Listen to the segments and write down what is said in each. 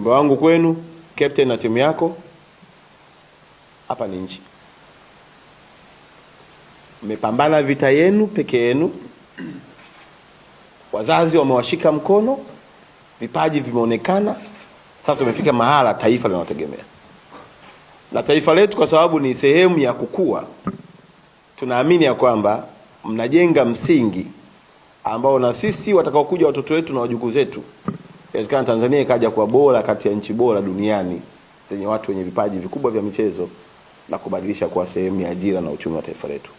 Mba wangu kwenu captain na timu yako hapa ni nchi. Mmepambana vita yenu peke yenu, wazazi wamewashika mkono, vipaji vimeonekana. Sasa umefika mahala taifa linawategemea, na taifa letu kwa sababu ni sehemu ya kukua, tunaamini ya kwamba mnajenga msingi ambao na sisi watakaokuja watoto wetu na wajukuu zetu Inawezekana Tanzania ikaja kuwa bora kati ya nchi bora duniani zenye watu wenye vipaji vikubwa vya michezo na kubadilisha kuwa sehemu ya ajira na uchumi wa taifa letu.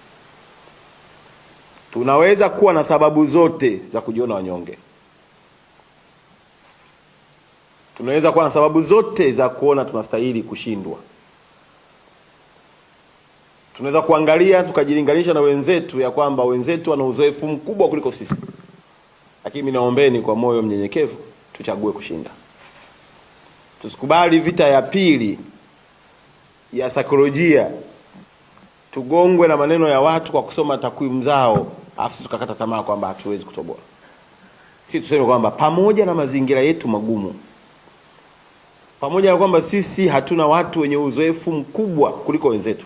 Tunaweza kuwa na sababu zote za kujiona wanyonge. Tunaweza kuwa na sababu zote za kuona tunastahili kushindwa. Tunaweza kuangalia tukajilinganisha na wenzetu ya kwamba wenzetu wana uzoefu mkubwa kuliko sisi, lakini naombeni kwa moyo mnyenyekevu tuchague kushinda. Tusikubali vita ya pili ya saikolojia, tugongwe na maneno ya watu kwa kusoma takwimu zao, afu tukakata tamaa kwamba hatuwezi kutoboa. Si tuseme kwamba pamoja na mazingira yetu magumu, pamoja na kwamba sisi hatuna watu wenye uzoefu mkubwa kuliko wenzetu,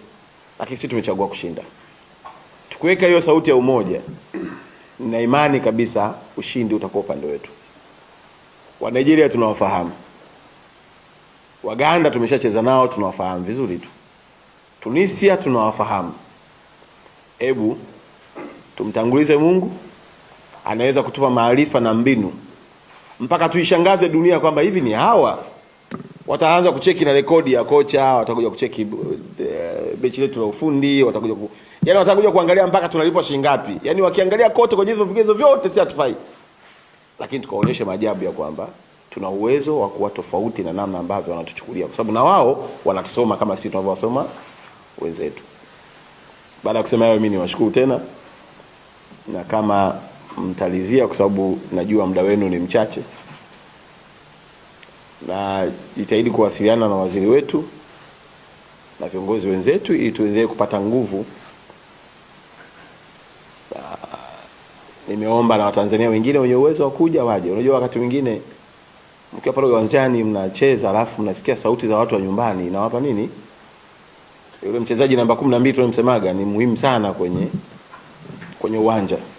lakini sisi tumechagua kushinda. Tukiweka hiyo sauti ya umoja, na imani kabisa ushindi utakuwa upande wetu. Wa Nigeria tunawafahamu, Waganda tumeshacheza nao, tunawafahamu vizuri tu. Tunisia tunawafahamu. Hebu tumtangulize Mungu, anaweza kutupa maarifa na mbinu mpaka tuishangaze dunia kwamba hivi ni hawa wataanza kucheki na rekodi ya kocha, watakuja kucheki bechi eh, letu la ufundi, watakuja ku... yani watakuja kuangalia mpaka tunalipwa shilingi ngapi. Yani wakiangalia kote kwenye hizo vigezo vyote, si hatufai lakini tukaonyesha maajabu ya kwamba tuna uwezo wa kuwa tofauti na namna ambavyo wanatuchukulia, kwa sababu na wao wanatusoma kama sisi tunavyowasoma wenzetu. Baada ya kusema hayo, mimi niwashukuru tena, na kama mtalizia, kwa sababu najua muda wenu ni mchache, na jitahidi kuwasiliana na waziri wetu na viongozi wenzetu ili tuweze kupata nguvu nimeomba na Watanzania wengine wenye uwezo wa kuja waje. Unajua, wakati mwingine mkiwa pale uwanjani mnacheza, alafu mnasikia sauti za watu wa nyumbani, inawapa nini. Yule mchezaji namba 12 tunamsemaga ni muhimu sana kwenye kwenye uwanja.